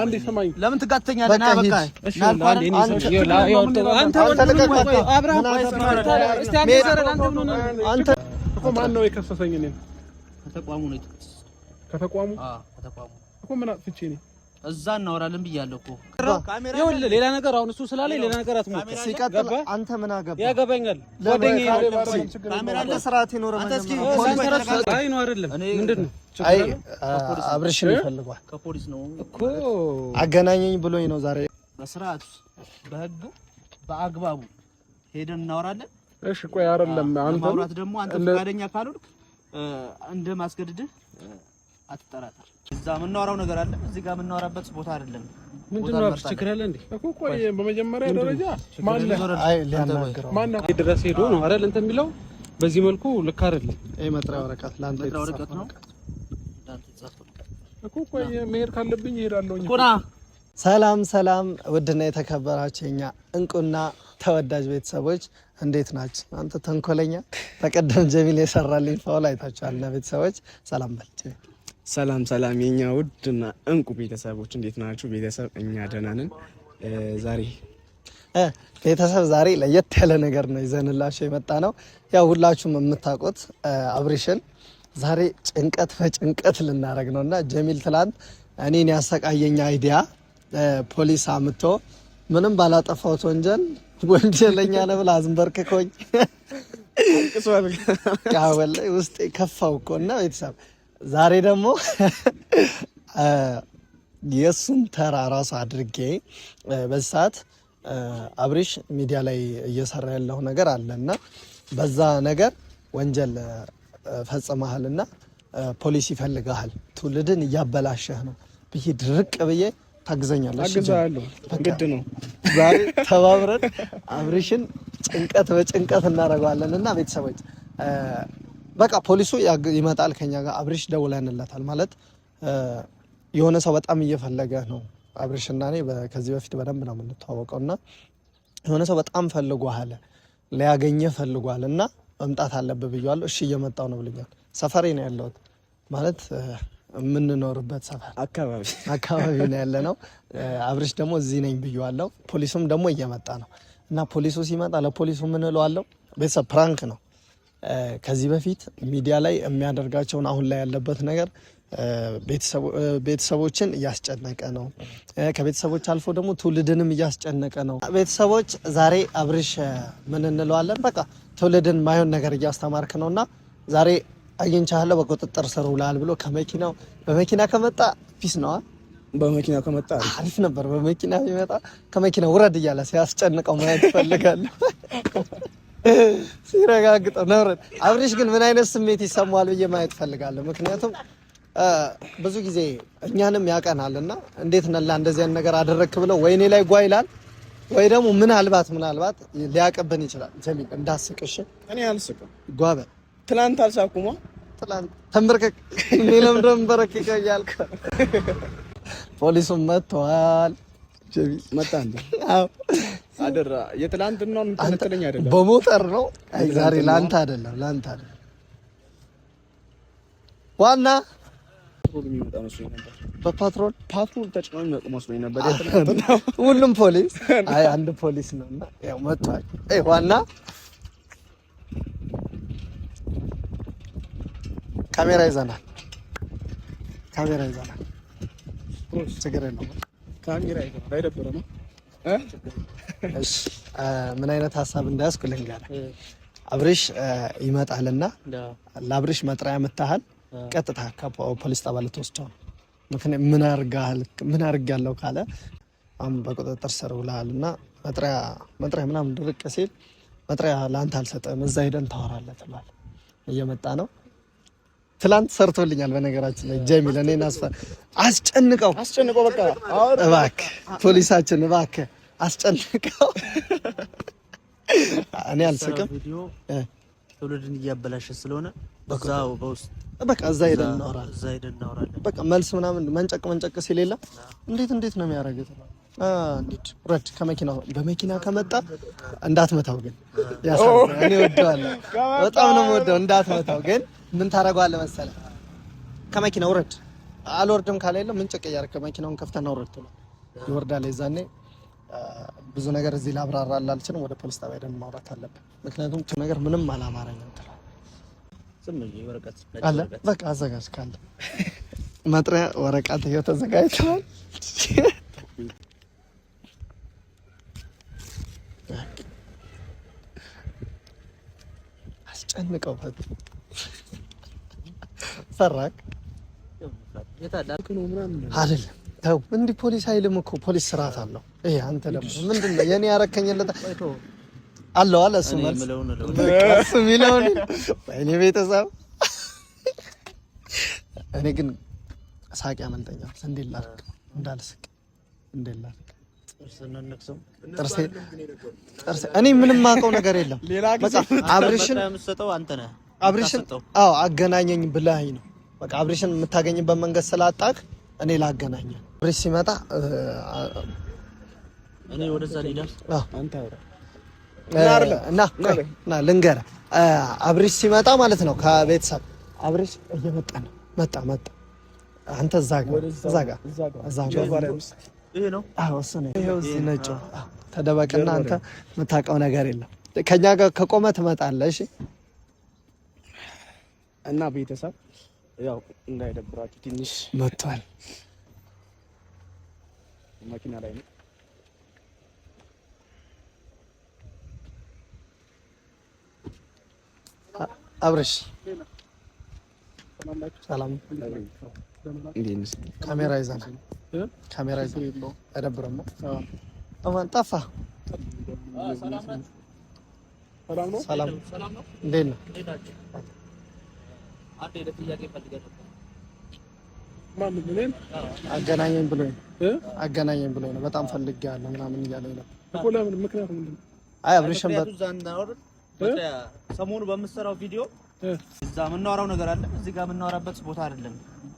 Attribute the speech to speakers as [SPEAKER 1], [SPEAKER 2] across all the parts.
[SPEAKER 1] አንዴ ስማኝ፣
[SPEAKER 2] ለምን ትጋተኛለህ? ና
[SPEAKER 1] ማን ነው የከሰሰኝ? እኔን ከተቋሙ ነው። ከተቋሙ እኮ ምን አጥፍቼ ነው?
[SPEAKER 2] እዛ እናወራለን ብያለሁ
[SPEAKER 1] እኮ ሌላ ነገር አሁን እሱ ስላለ ሌላ ነገር አትሞክር።
[SPEAKER 2] ሲቀጥል አንተ ምን አገባ
[SPEAKER 1] ያገባኛል። ጓደኛዬ
[SPEAKER 2] ነው። ስርዓት ይኖር
[SPEAKER 1] አይደለም ምንድን ነው
[SPEAKER 2] አይ አብርሽን ይፈልጓል ከፖሊስ ነው እኮ አገናኘኝ ብሎኝ ነው ዛሬ። በስርዓቱ በህግ በአግባቡ ሄደን እናወራለን።
[SPEAKER 1] እሺ ቆይ አይደለም
[SPEAKER 2] አንተ ማውራት ደግሞ አንተ ፈቃደኛ ካልሆንክ እንደ ማስገድድህ አትጠራጠር። እዛ የምናወራው ነገር አለ፣ እዚህ ጋር የምናወራበት ቦታ አይደለም።
[SPEAKER 1] እንዴ? እኮ በመጀመሪያ ደረጃ ማን ነው የሚለው በዚህ መልኩ ልክ አይደለም።
[SPEAKER 2] መጥሪያ ወረቀት ለአንተ ነው
[SPEAKER 1] እኮ። መሄድ ካለብኝ እሄዳለሁ።
[SPEAKER 2] ሰላም ሰላም፣ ውድና የተከበራችሁ የኛ እንቁና ተወዳጅ ቤተሰቦች እንዴት ናችሁ? አንተ ተንኮለኛ፣ በቀደም ጀሚል የሰራልኝ ፋውል አይታችኋል። ቤተሰቦች ሰላም በል
[SPEAKER 1] ሰላም ሰላም የኛ ውድ እና እንቁ ቤተሰቦች እንዴት ናችሁ? ቤተሰብ እኛ ደህና ነን። ዛሬ
[SPEAKER 2] ቤተሰብ ዛሬ ለየት ያለ ነገር ነው ይዘንላችሁ የመጣ ነው። ያው ሁላችሁም የምታውቁት አብሪሽን ዛሬ ጭንቀት በጭንቀት ልናደርግ ነው እና ጀሚል ትላንት እኔን ያሰቃየኝ አይዲያ ፖሊስ አምቶ ምንም ባላጠፋሁት ወንጀል ወንጀለኛ ነህ ብለህ አዝንበርክኮኝ ውስጤ ከፋው እኮ እና ቤተሰብ ዛሬ ደግሞ የእሱን ተራ ራሱ አድርጌ በዚህ ሰዓት አብሬሽ ሚዲያ ላይ እየሰራ ያለው ነገር እና በዛ ነገር ወንጀል እና ፖሊስ ይፈልግሃል፣ ትውልድን እያበላሸህ ነው ብዬ ድርቅ ብዬ ታግዘኛለሽ።
[SPEAKER 1] ነው።
[SPEAKER 2] ዛሬ ተባብረን አብሬሽን ጭንቀት በጭንቀት እናደርገዋለን እና ቤተሰቦች በቃ ፖሊሱ ይመጣል ከኛ ጋር ደውላ ደውለንለታል። ማለት የሆነ ሰው በጣም እየፈለገ ነው። አብርሽ እና እኔ ከዚህ በፊት በደንብ ነው የምንተዋወቀው እና የሆነ ሰው በጣም ፈልጓል፣ ሊያገኘ ፈልጓል እና መምጣት አለብህ ብያለሁ እሺ እየመጣው ነው ብልኛል ሰፈሬ ነው ያለሁት ማለት የምንኖርበት ሰፈር
[SPEAKER 1] አካባቢ
[SPEAKER 2] አካባቢ ነው ያለ ነው። አብርሽ ደግሞ እዚህ ነኝ ብዬዋለሁ። ፖሊሱም ደግሞ እየመጣ ነው እና ፖሊሱ ሲመጣ ለፖሊሱ ምን እለዋለሁ? ቤተሰብ ፕራንክ ነው ከዚህ በፊት ሚዲያ ላይ የሚያደርጋቸውን አሁን ላይ ያለበት ነገር ቤተሰቦችን እያስጨነቀ ነው። ከቤተሰቦች አልፎ ደግሞ ትውልድንም እያስጨነቀ ነው። ቤተሰቦች ዛሬ አብርሽ ምን እንለዋለን፣ በቃ ትውልድን ማይሆን ነገር እያስተማርክ ነው እና ዛሬ አግኝቻለሁ በቁጥጥር ስር ውላል ብሎ ከመኪናው በመኪና ከመጣ ፊስ ነዋ።
[SPEAKER 1] በመኪና ከመጣ
[SPEAKER 2] አሪፍ ነበር። በመኪና ቢመጣ ከመኪና ውረድ እያለ ሲያስጨንቀው ማየት ይፈልጋለሁ። ሲረጋግጠው ነውረት። አብሪሽ ግን ምን አይነት ስሜት ይሰማዋል ብዬ ማየት ፈልጋለሁ። ምክንያቱም ብዙ ጊዜ እኛንም ያቀናል እና እንዴት ነላ እንደዚያን ነገር አደረግክ ብለው ወይኔ ላይ ጓ ይላል ወይ ደግሞ ምናልባት ምናልባት ሊያቀብን ይችላል። ጀሚል እንዳስቅሽ እኔ አልስቅም። ጓበ
[SPEAKER 1] ትላንት አልሳኩሞ
[SPEAKER 2] ትላንት ተንበርከክ እኔ ለምደንበረክ ይቀያልከ ፖሊሱም መጥተዋል። መጣ
[SPEAKER 1] አደራ የትላንትናውን ተከተለኝ አይደለም፣
[SPEAKER 2] በሞተር ነው። አይ ዛሬ ላንተ አይደለም፣ ላንተ አይደለም። ዋና በፓትሮል
[SPEAKER 1] ፓትሮል ተጭኖ የሚመጡ መስሎኝ ነበር።
[SPEAKER 2] ሁሉም ፖሊስ አይ አንድ ፖሊስ ነው። እና ያው መጥቷል። አይ ዋና ካሜራ ይዘናል፣ ካሜራ ይዘናል። ችግር የለውም። ምን አይነት ሀሳብ እንዳያዝኩ ልንገርህ። አብሬሽ ይመጣልና ለአብሬሽ መጥሪያ የምታህል ቀጥታ ከፖሊስ ጣቢያ ልትወስደው ነው። ምክንያቱም ምን አድርጋለሁ ካለ አሁን በቁጥጥር ስር ውልሃል እና መጥሪያ መጥሪያ ምናምን ድርቅ ሲል መጥሪያ ለአንተ አልሰጠም፣ እዛ ሄደን ታወራለህ ትባል። እየመጣ ነው ትላንት ሰርቶልኛል። በነገራችን ላይ ጀሚል እኔ ናስፋ አስጨንቀው አስጨንቀው በቃ እባክህ ፖሊሳችን እባክህ አስጨንቀው። እኔ አልስቅም።
[SPEAKER 1] ትውልድን እያበላሸ ስለሆነ በዛው በውስጥ
[SPEAKER 2] በቃ እዛ ሄደን
[SPEAKER 1] እናወራለን።
[SPEAKER 2] በቃ መልስ ምናምን መንጨቅ መንጨቅ ሲሌላ እንዴት እንዴት ነው የሚያደርገው? እንዴት ረድ ከመኪና በመኪና ከመጣ እንዳትመታው ግን፣ ያሳ እኔ ወደዋለሁ በጣም ነው ወደው እንዳትመታው ግን ምን ታደርገዋለህ መሰለህ? ከመኪና ውረድ። አልወርድም ካለ የለም ምን ጭቅ እያደረክ መኪናውን ከፍተና ውረድ ነው ይወርዳል። የዛኔ ብዙ ነገር እዚህ ላብራራ አልችልም። ወደ ፖሊስ ጣቢያ ደን ማውራት አለብን። ምክንያቱም ነገር ምንም አላማረኝም ትለው አለ። በቃ አዘጋጅ ካለ መጥሪያ ወረቀት ይኸው ተዘጋጅተዋል። አስጨንቀውበት ሰራክ አይደለም። ተው እንዲህ ፖሊስ ኃይልም እኮ ፖሊስ ስርዓት አለው። ይሄ አንተ ደግሞ ምንድን ነው የኔ ያረከኝለት አለው አለ እሱ መልስ የሚለውን እኔ ቤተሰብ እኔ ግን ሳቂ ያመልጠኛል። እንዴት ላድርግ እንዳልስቅ እንዴት ላድርግ? ጥርሴ እኔ ምንም አውቀው ነገር የለም። አብርሽን አብሬሽን አዎ አገናኘኝ ብለኸኝ ነው። በቃ አብሬሽን የምታገኝበት መንገድ ስላጣክ እኔ ላገናኘ አብሬሽ ሲመጣ እኔ ወደዛ እና ልንገርህ አብሬሽ ሲመጣ ማለት ነው ከቤተሰብ አብሬሽ እየመጣ ነው። መጣ መጣ አንተ እዛ ጋር እዛ
[SPEAKER 1] ጋር
[SPEAKER 2] ተደበቅና አንተ የምታውቀው ነገር የለም። ከእኛ ጋር ከቆመ ትመጣለህ። እሺ
[SPEAKER 1] እና ቤተሰብ ያው እንዳይደብራችሁ ትንሽ መጥቷል። መኪና ላይ ነው።
[SPEAKER 2] አብረሽ ሰላም፣ ካሜራ ይዘናል። ካሜራ ይዘናል። አይደብረም። አማን ጠፋ። ሰላም ነው። እንዴት ነው? አንድ
[SPEAKER 1] ጥያቄ ነበር። ማንም እኔን
[SPEAKER 2] አገናኘኝ ብሎ አገናኘኝ ነው። በጣም ያለ ምናምን እያለኝ ነው
[SPEAKER 1] እኮ። ለምን? ምክንያቱ ምንድን ነው?
[SPEAKER 2] አይ አብሬሽን ሰሞኑ በምትሰራው ቪዲዮ እዛ የምናወራው ነገር አለ፣ እዚህ ጋር የምናወራበት ቦታ አይደለም።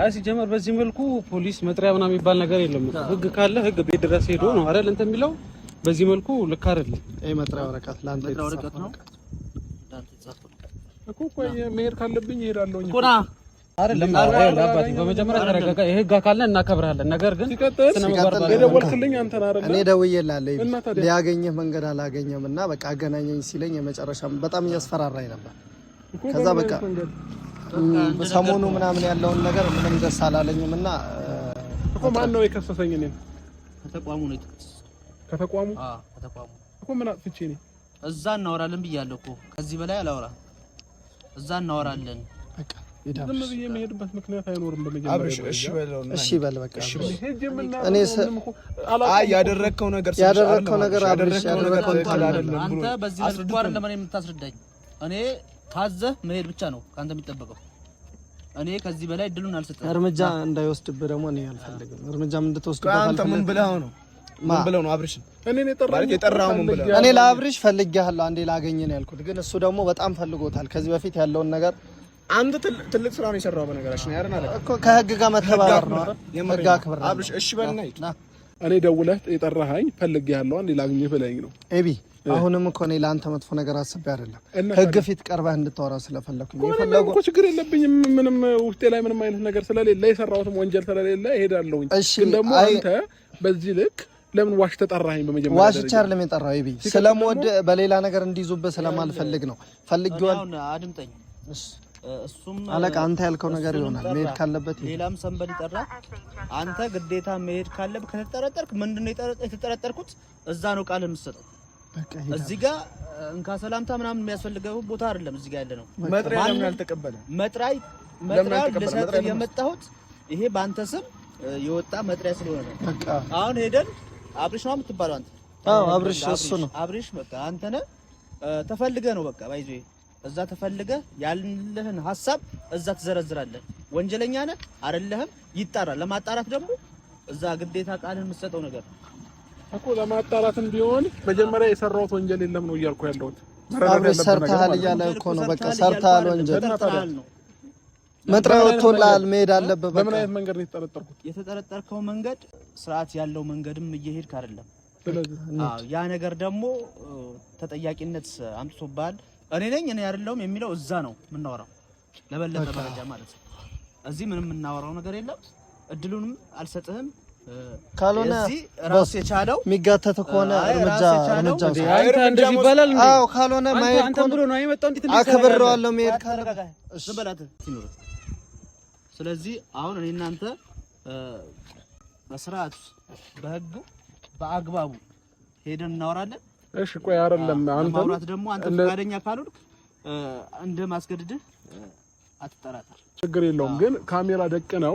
[SPEAKER 2] አይ ሲጀመር በዚህ መልኩ ፖሊስ መጥሪያ ምናምን የሚባል ነገር የለም። ህግ ካለ ህግ ቤት ድረስ ሄዶ ነው አይደል እንትን የሚለው። በዚህ መልኩ ልክ አይደል? ይሄ መጥሪያ ወረቀት ላንተ ነው
[SPEAKER 1] እኮ። ቆይ መሄድ ካለብኝ
[SPEAKER 2] እኮ የህግ አካል ነህ እናከብርሃለን። ነገር ግን እኔ ደውዬልሃለሁ። ሊያገኘህ መንገድ አላገኘም እና በቃ አገናኘኝ ሲለኝ በጣም እያስፈራራኝ ነበር። ከዛ በቃ ሰሞኑ ምናምን ያለውን ነገር ምንም ደስ አላለኝም እና
[SPEAKER 1] እኮ ማን ነው የከሰሰኝ? እኔ ከተቋሙ ነው ከተቋሙ ከተቋሙ እኮ ምን አጥፍቼ እኔ?
[SPEAKER 2] እዛ እናወራለን ብያለሁ እኮ ከዚህ በላይ አላወራ። እዛ እናወራለን በቃ
[SPEAKER 1] ዝም ብዬ ምክንያት አይኖርም።
[SPEAKER 2] በመጀመሪያ እሺ በለው እሺ በል በቃ
[SPEAKER 1] እሺ ያደረግከው ነገር
[SPEAKER 2] ያደረግከው ነገር አብርሽ ያደረግከው ነገር አንተ በዚህ መልኩ አይደለም እኔ የምታስረዳኝ እኔ ታዘህ መሄድ ብቻ ነው ከአንተ የሚጠበቀው። እኔ ከዚህ በላይ እድሉን አልሰጠም። እርምጃ እንዳይወስድብህ ደግሞ እኔ አልፈልግም። እርምጃም እንድትወስድብህ
[SPEAKER 1] አንተ ምን ብለህ ነው? ምን ብለው ነው አብርሽን? እኔ ነው ምን
[SPEAKER 2] እኔ ለአብርሽ ፈልጌሃለሁ አንዴ ላገኝ ነው ያልኩት፣ ግን እሱ ደግሞ በጣም ፈልጎታል። ከዚህ በፊት ያለውን ነገር
[SPEAKER 1] አንተ ትልቅ ስራ ነው የሰራው። በነገራችን ነው አለ
[SPEAKER 2] እኮ ከህግ ጋር መተባበር ነው ህግ አክብር።
[SPEAKER 1] አብርሽ እሺ በልና እኔ ደውለህ የጠራኸኝ ፈልጌሃለሁ አንዴ ላገኝ ብለኸኝ ነው
[SPEAKER 2] ኤቢ አሁንም እኮ እኔ ለአንተ መጥፎ ነገር አስቤ አይደለም። ህግ ፊት ቀርበህ እንድታወራ ስለፈለኩ
[SPEAKER 1] እኮ ችግር የለብኝም። ምንም ውስጤ ላይ ምንም አይነት ነገር ስለሌለ የሰራሁትም ወንጀል ስለሌለ እሄዳለሁኝ። ግን ደግሞ አንተ በዚህ ልክ ለምን ዋሽ ተጠራኸኝ?
[SPEAKER 2] በመጀመሪያ ዋሽ ቻር ለምን ጠራኸኝ? ይብይ ስለምወድ በሌላ ነገር እንዲይዙብህ ስለማልፈልግ ነው። ፈልጊዋል። አድምጠኝ። እሱም አለቃ አንተ ያልከው ነገር ይሆናል። መሄድ ካለበት ሌላም ሰንበድ ይጠራ። አንተ ግዴታ መሄድ ካለብህ ከተጠረጠርክ ምንድነው የተጠረጠርኩት? እዛ ነው ቃል የምሰጠው እዚህ ጋር እንካ ሰላምታ ምናምን የሚያስፈልገው ቦታ አይደለም። እዚህ ጋር ያለ ነው
[SPEAKER 1] መጥሪያ ያልተቀበለ
[SPEAKER 2] መጥራይ መጥሪያ ልሰጥ የመጣሁት ይሄ በአንተ ስም የወጣ መጥሪያ ስለሆነ ነው። አሁን ሄደን አብሪሽ ነው የምትባለው አንተ። አዎ አብሪሽ፣ እሱ ነው አብሪሽ። በቃ አንተ ነህ ተፈልገህ ነው በቃ ባይዞ እዛ ያለህን ሀሳብ እዛ ትዘረዝራለህ። ወንጀለኛ ነህ አይደለህም ይጣራል። ለማጣራት ደግሞ እዛ ግዴታ ቃልህን የምትሰጠው ነገር
[SPEAKER 1] እኮ ለማጣራትም ቢሆን መጀመሪያ የሰራሁት ወንጀል የለም ነው እያልኩ ያለሁት።
[SPEAKER 2] አብረሽ ሰርተሃል እያለ እኮ ነው። በቃ ሰርተሃል፣ ወንጀል መጥሪያ ወጥቶልሃል፣ መሄድ አለብህ።
[SPEAKER 1] በምን አይነት መንገድ ነው የተጠረጠርኩት?
[SPEAKER 2] የተጠረጠርከው መንገድ ስርዓት ያለው መንገድም እየሄድክ አይደለም። ያ ነገር ደግሞ ተጠያቂነት አምጥቶብሃል። እኔ ነኝ እኔ አይደለሁም የሚለው እዛ ነው የምናወራው፣ ለበለጠ መረጃ ማለት ነው። እዚህ ምንም የምናወራው ነገር የለም። እድሉንም አልሰጥህም ካልሆነ ራስ የቻለው የሚጋተት ከሆነ እርምጃ
[SPEAKER 1] እርምጃ ይባላል።
[SPEAKER 2] አዎ ካልሆነ
[SPEAKER 1] ማየት ብሎ ነው የመጣው።
[SPEAKER 2] አከብረዋለሁ መሄድ ካለ ስለዚህ አሁን እኔ እናንተ በስርዓቱ በህጉ በአግባቡ ሄደን እናወራለን።
[SPEAKER 1] እሺ ቆይ አይደለም
[SPEAKER 2] አንተ ማውራት ደግሞ አንተ ፈቃደኛ ካልሆንክ እንደ ማስገድድህ አትጠራጠር፣
[SPEAKER 1] ችግር የለውም ግን ካሜራ ደቅ ነው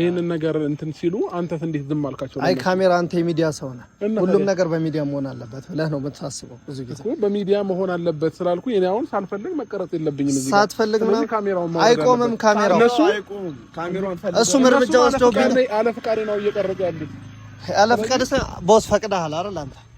[SPEAKER 1] ይህንን ነገር እንትን ሲሉ አንተስ እንዴት ዝም አልካቸው?
[SPEAKER 2] አይ ካሜራ፣ አንተ የሚዲያ ሰው ነህ። ሁሉም ነገር በሚዲያ መሆን አለበት ብለህ ነው የምታስበው።
[SPEAKER 1] ብዙ ጊዜ በሚዲያ መሆን አለበት ስላልኩ እኔ አሁን ሳልፈልግ መቀረጽ የለብኝም። ሳትፈልግ ምናምን
[SPEAKER 2] አይቆምም ካሜራው። እሱም እርምጃ
[SPEAKER 1] ወስደውብኝ አለ ፍቃድ ነው እየቀረጸ ያሉት።
[SPEAKER 2] አለ ፍቃድ ቦስ ፈቅደሃል አይደል አንተ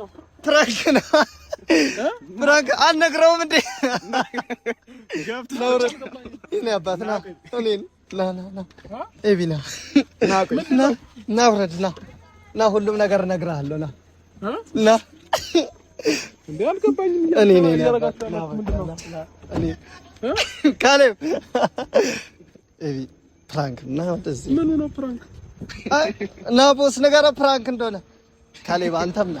[SPEAKER 2] ነው ፍራንክ አልነግረውም እንዴ እኔ አባት ና እኔን ና ና ና ኤቢና ና ና ውረድ ና ና ሁሉም ነገር እነግርሃለሁ ና ና
[SPEAKER 1] እንዴ አልገባኝም
[SPEAKER 2] እኔ እኔ እኔ ካሌብ ኤቢ ፕራንክ ና ወደዚህ
[SPEAKER 1] ምን ነው ፕራንክ
[SPEAKER 2] ና ቦስ ነገር ፕራንክ እንደሆነ ካሌብ አንተም ና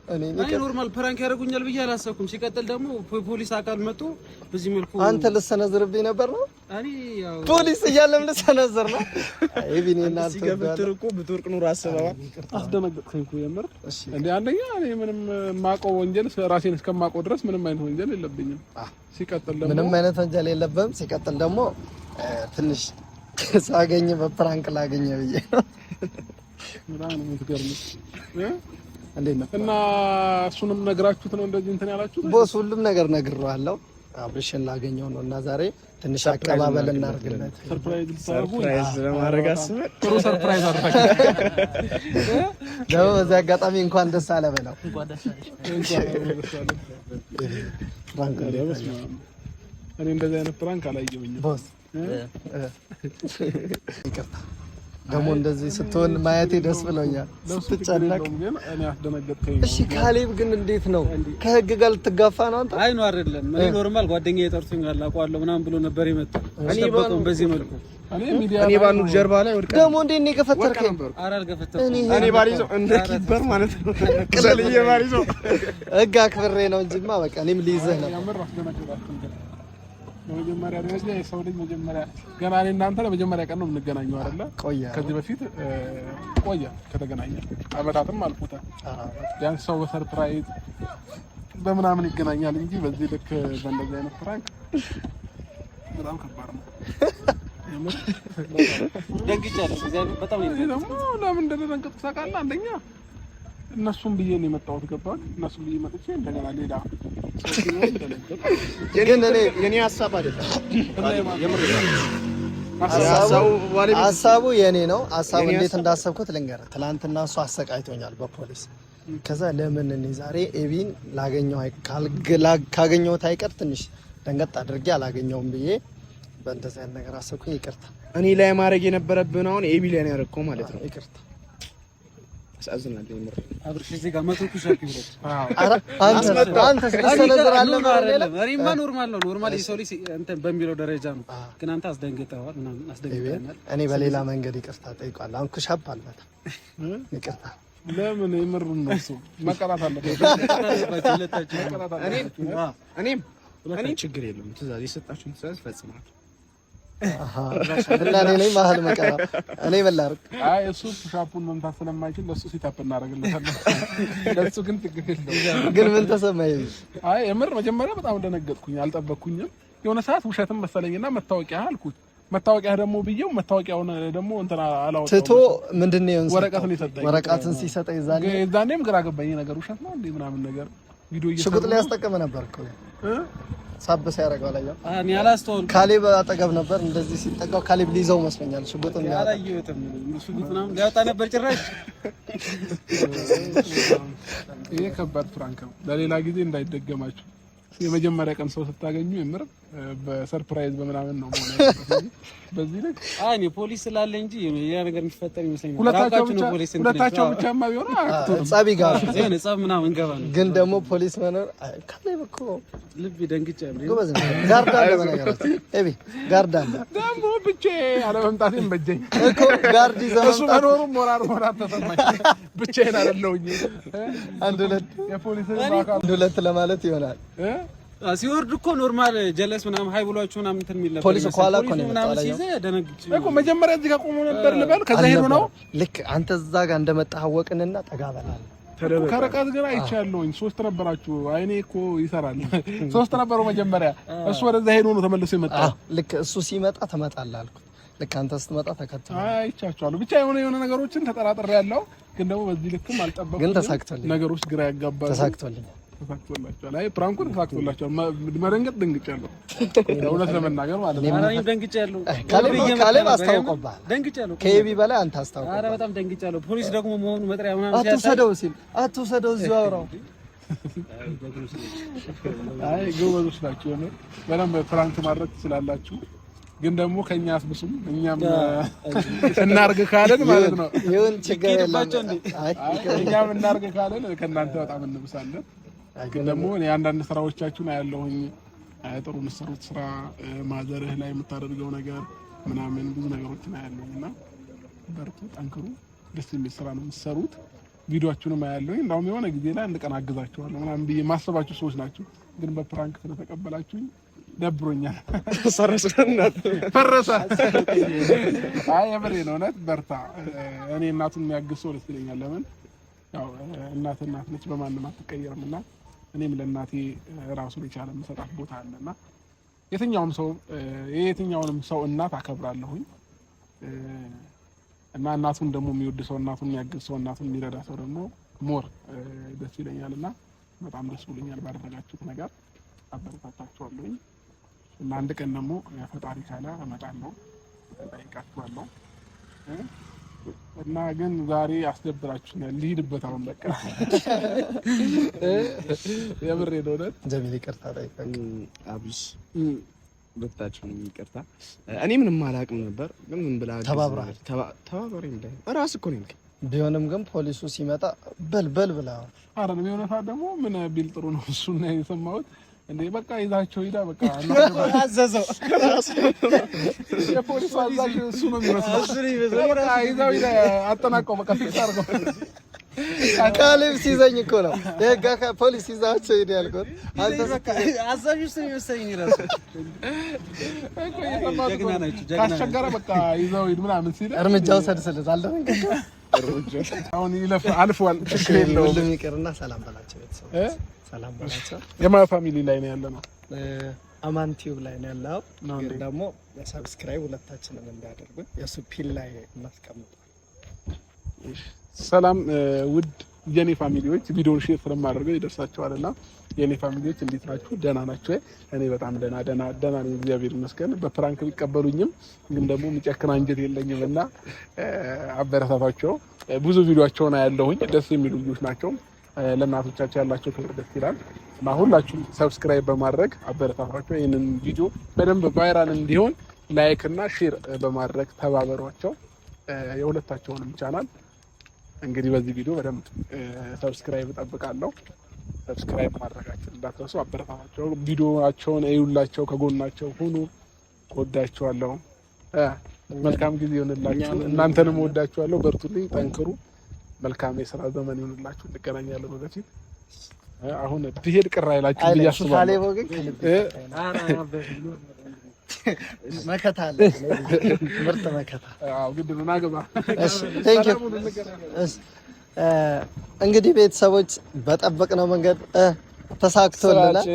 [SPEAKER 2] አይ ኖርማል ፕራንክ ያደርጉኛል ብዬ አላሰብኩም። ሲቀጥል ደግሞ ፖሊስ አካል መጡ። በዚህ መልኩ አንተ ልሰነዝርብኝ ነበር ነው እኔ ያው ፖሊስ እያለም ልሰነዝር ነው። አይ ቢኔ እና አንተ እናንተ ብትርቁ ብትወርቅ ኑሮ አስበባ አስደነገጥከኝ እኮ የምር። እንደ አንደኛ እኔ ምንም የማውቀው ወንጀል ራሴን እስከማውቀው ድረስ ምንም አይነት ወንጀል የለብኝም። ሲቀጥል ደግሞ ምንም አይነት ወንጀል የለብህም። ሲቀጥል ደግሞ ትንሽ ሳገኝ በፕራንክ ላገኘ ብዬ ነው ምናምን የምትገርምህ እንዴት ነው? እና እሱንም ነግራችሁት ነው እንደዚህ እንትን ያላችሁት? ቦስ ሁሉም ነገር ነግሬዋለሁ። አብርሽን ላገኘው ነው እና ዛሬ ትንሽ አቀባበል እናድርግለት። ሰርፕራይዝ ለማድረግ አስበን ጥሩ ሰርፕራይዝ አድርጋችሁ ደግሞ በዚህ አጋጣሚ እንኳን ደስ አለ በለው። እኔ እንደዚህ አይነት ፕራንክ አላየሁኝም ቦስ። ይቅርታ ደግሞ እንደዚህ ስትሆን ማየቴ ደስ ብሎኛል። ስትጨነቅ እሺ። ካሌብ ግን እንዴት ነው? ከህግ ጋር ልትጋፋ ነው አንተ? አይ ነው አይደለም። እኔ ኖርማል ጓደኛ የጠርቱኝ አውቀዋለሁ ምናምን ብሎ ነበር የመጣው። በዚህ መልኩ። እኔ ባኑ ጀርባ ላይ ወድቀህ ደግሞ እንዴ እኔ የገፈተርከኝ? ኧረ አልገፈተርኩም። እኔ ባልይዘው እንደ ኪበር ማለት ነው ቅለል ቅለልዬ ባልይዘው ህግ አክብሬ ነው እንጂማ በቃ እኔም ልይዘህ ነው በመጀመሪያ ደረጃ የሰው ልጅ መጀመሪያ ገና እኔ እናንተ ለመጀመሪያ ቀን ነው የምንገናኘው አይደለ? ቆየ ከዚህ በፊት ቆየ ከተገናኘ አመታትም አልፎታል። ያን ሰው በሰርፕራይዝ በምናምን ይገናኛል እንጂ በዚህ ልክ በእንደዚህ አይነት ፍራንክ በጣም ከባድ ነው። እነሱም ብዬ ነው የመጣሁት ገባህ? እነሱም ብዬ መጥቼ እንደገና ሌላ ግን እኔ ሀሳቡ የእኔ ነው። ሀሳቡ እንዴት እንዳሰብኩት ልንገር። ትላንትና እሱ አሰቃይቶኛል በፖሊስ ከዛ ለምን እኔ ዛሬ ኤቢን ካገኘሁት አይቀር ትንሽ ደንገጥ አድርጌ አላገኘውም ብዬ በእንደዚህ ነገር አሰብኩኝ። ይቅርታ እኔ ላይ ማድረግ የነበረብን አሁን ኤቢ ላይ ነው ያደረግከው ማለት ነው። ይቅርታ ያሳዝናል። የምር አብርሽ እዚህ ጋር መቶ ኩሻ ይብረት አንተ አንተ እኔማ ኖርማል ነው። ኖርማል የሰው ልጅ እንትን በሚለው ደረጃ ነው። ግን አንተ አስደንግጠዋል፣ ምናምን አስደንግጠኛል። እኔ በሌላ መንገድ ይቅርታ ጠይቋል። አሁን ኩሻ አልመጣም። ይቅርታ ለምን የምር ነው እሱ መቀጣት አለበት። እኔም እኔም ችግር የለም። ትእዛዝ የሰጣችሁን ትእዛዝ ፈጽማለሁ እና እኔ ነኝ መሀል መቀራ እኔ በላር አይ እሱ ሻፑን መምታት ስለማይችል ለሱ ሲታፕ እናደርግለታለን። ለሱ ግን ችግር የለውም። ግን ምን ተሰማኝ? አይ የምር መጀመሪያ በጣም ደነገጥኩኝ፣ አልጠበቅኩኝም። የሆነ ሰዓት ውሸትም መሰለኝና መታወቂያ አልኩት። መታወቂያ ደግሞ ብዬው መታወቂያውን ደግሞ እንትና አላወጣሁም ትቶ ምንድን ነው ወረቀቱን የሰጠኝ። ወረቀቱን ሲሰጠኝ ዛኔ ዛኔም ግራ ገባኝ። ነገር ውሸት ነው እንዴ ምናምን ነገር ቪዲዮ ሽጉጥ ላይ ያስጠቀመ ነበር እኮ ሳብሳ ያደርገው አላየኸውም? እኔ አላስተዋልኩም። ካሌብ አጠገብ ነበር። እንደዚህ ሲጠጋው ካሌብ ሊይዘው መስሎኛል። ሽጉጥ ምናምን ሊያወጣ ነበር ጭራሽ። ይሄ ከባድ ፍራንክ ነው። ለሌላ ጊዜ እንዳይደገማችሁ የመጀመሪያ ቀን ሰው ስታገኙ የምር በሰርፕራይዝ በምናምን ነው ማለት ነው። በዚህ ልክ አይ ፖሊስ ስላለ እንጂ ያ ነገር የሚፈጠር ይመስለኛል። ሁለታቸው ብቻ ሁለታቸው ብቻማ ቢሆን ጸብ ጋር ዘን ጸብ ምናምን እንገባ ነው። ግን ደግሞ ፖሊስ መኖር ካለ እኮ ልብ ደንግጫ ያለው ነው። ጋርዳ አለ በነገራችን ኤቢ ጋርዳ አለ ደግሞ ብቻ አለመምጣቴን በጀኝ እኮ ጋርዲ ዘመን እሱ መኖሩ ሞራር ሞራር ተሰማኝ ብቻዬን አይደለሁኝ። አንድ ሁለት የፖሊስ አንድ ሁለት ለማለት ይሆናል። ሲወርድ እኮ ኖርማል ጀለስ ምናምን ሀይ ብሏችሁ ምናምን እንትን የሚል ነበር። ፖሊስ ኋላ እኮ ነው እኮ መጀመሪያ እዚህ ጋር ቆሞ ነበር ልበል። ከዛ ሄዶ ነው ልክ አንተ እዛ ጋር እንደመጣህ አወቅንና ጠጋ በላል። ግን አይቻለሁኝ። ሶስት ነበራችሁ። አይኔ እኮ ይሰራል። ሶስት ነበሩ መጀመሪያ። እሱ ወደዛ ሄዶ ነው ተመልሶ ይመጣ። ልክ እሱ ሲመጣ ትመጣለህ አልኩት ልክ አንተ ስትመጣ ተከትሎ አይቻቸዋለሁ። ብቻ የሆነ የሆነ ነገሮችን ተጠራጥሬ ያለው ግን ደግሞ በዚህ ልክም አልጠበኩም። ግን ተሳክቶልኝ ነገሮች ግራ ያጋባ ተሳክቶልኝ ተሳክቶላቸዋል። አይ ፕራንኩን ተሳክቶላቸዋል። መደንገጥ ደንግጫለሁ፣ እውነት ለመናገር ማለት ነው። ደንግጫለሁ። ካሌብ አስታውቆብሃል። ደንግጫለሁ። ከኤቢ በላይ አንተ አስታውቆብሃል። ኧረ በጣም ደንግጫለሁ። ፖሊስ ደግሞ መሆኑ መጥሪያ ምናምን አትውሰደው ሲል አትውሰደው እዚሁ አውራው አይ ጎበዞች ናቸው። በደንብ ፕራንክ ማድረግ ትችላላችሁ። ግን ደግሞ ከኛ አስብሱም እኛም እናርግ ካለን ማለት ነው። ይሁን ችግር የለም። እኛም እናርግ ካለን ከእናንተ በጣም እንብሳለን። ግን ደግሞ የአንዳንድ ስራዎቻችሁን አያለሁኝ። ጥሩ የምትሰሩት ስራ ማዘርህ ላይ የምታደርገው ነገር ምናምን ብዙ ነገሮችን አያለሁ እና በርቱ፣ ጠንክሩ። ደስ የሚል ስራ ነው የምትሰሩት። ቪዲዮችሁንም አያለሁኝ። እንዳውም የሆነ ጊዜ ላይ እንድቀናግዛችኋለሁ ምናምን ብዬ ማሰባችሁ ሰዎች ናቸው። ግን በፕራንክ ስለተቀበላችሁኝ ደብሮኛል። ፈረሰ። አይ የምሬን እውነት በርታ። እኔ እናቱን የሚያግዝ ሰው ደስ ይለኛል። ለምን ያው እናት እናት ነች፣ በማንም አትቀየርም። እና እኔም ለእናቴ ራሱን የቻለ የምሰጣት ቦታ አለ እና የትኛውም ሰው የትኛውንም ሰው እናት አከብራለሁኝ እና እናቱን ደግሞ የሚወድ ሰው እናቱን የሚያግዝ ሰው እናቱን የሚረዳ ሰው ደግሞ ሞር ደስ ይለኛል እና በጣም ደስ ብሎኛል ባደረጋችሁት ነገር አበረታታችኋለሁኝ። እና አንድ ቀን ደግሞ ፈጣሪ ካለ እመጣለሁ፣ እጠይቃችኋለሁ። እና ግን ዛሬ አስደብራችሁኛል። ልሂድበት አሁን በቃ የምሬ ነው። እውነት ጀሚል ይቅርታ ጠይቀኝ። አብሽ ነው የሚቀርታ። እኔ ምንም አላውቅም ነበር፣ ግን ምን ብላ ተባብረሃል። ተባብሬ ላይ ራስ እኮ ነው ቢሆንም ግን ፖሊሱ ሲመጣ በልበል ብላ አረ ነው የሆነ ሰዓት ደግሞ ምን ቢል ጥሩ ነው እሱ እሱና የሰማሁት እንዴ በቃ ይዛቸው ሄዳ በቃ አዘዘው። የፖሊስ አዛዥ እሱ ነው የሚመስለው። ይዛው አጠናቀው በቃ አድርገው ካሌብ እኮ ነው የህግ ፖሊስ ይዛቸው ሄደ ያልኩት። አዛዡ እሱ ነው የሚመስለኝ። ካስቸገረ በቃ ይዘው ሂድ ምናምን ሲል እርምጃ ውሰድ አሁን ይለፍ አልፏል። ችግር የለውም። ሁሉም ይቅርና ሰላም በላቸው ቤተሰብ ሰላም በላቸው። የማ ፋሚሊ ላይ ነው ያለ ነው? አማን ቲዩብ ላይ ነው ያለው። ነው እንዴ ደሞ ሰብስክራይብ ሁለታችንም እንዳያደርጉን የሱ ፒል ላይ እናስቀምጣል። ሰላም ውድ የኔ ፋሚሊዎች ቪዲዮን ሼር ስለማደርገው ይደርሳቸዋል እና የእኔ ፋሚሊዎች እንዴት ናችሁ? ደህና ናቸው። እኔ በጣም ደህና ደህና ደህና ነኝ፣ እግዚአብሔር ይመስገን። በፕራንክ ቢቀበሉኝም ግን ደግሞ የሚጨክን አንጀት የለኝም እና አበረታታቸው። ብዙ ቪዲዮቸውን አያለሁኝ። ደስ የሚሉ ልጆች ናቸው። ለእናቶቻቸው ያላቸው ክብር ደስ ይላል እና ሁላችሁም ሰብስክራይብ በማድረግ አበረታታቸው። ይህንን ቪዲዮ በደንብ ቫይራል እንዲሆን ላይክ እና ሼር በማድረግ ተባበሯቸው። የሁለታቸውንም ቻናል እንግዲህ በዚህ ቪዲዮ በደንብ ሰብስክራይብ እጠብቃለሁ። ሰብስክራይብ ማድረጋችን እንዳትረሱ። አበረታታቸው፣ ቪዲዮቸውን እዩላቸው፣ ከጎናቸው ሁኑ። ወዳችኋለሁ። መልካም ጊዜ ይሆንላችሁ። እናንተንም ወዳችኋለሁ። በርቱልኝ፣ ጠንክሩ። መልካም የስራ ዘመን ይሆንላችሁ። እንገናኛለን ወደፊት። አሁን ብሄድ ቅር አይላችሁ ብዬ አስባለሁ። መከታ አለ። ምርጥ መከታ። እንግዲህ ቤተሰቦች በጠበቅነው መንገድ ተሳክቶልናል፣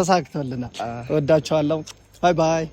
[SPEAKER 2] ተሳክቶልናል። እወዳቸዋለሁ። ባይ ባይ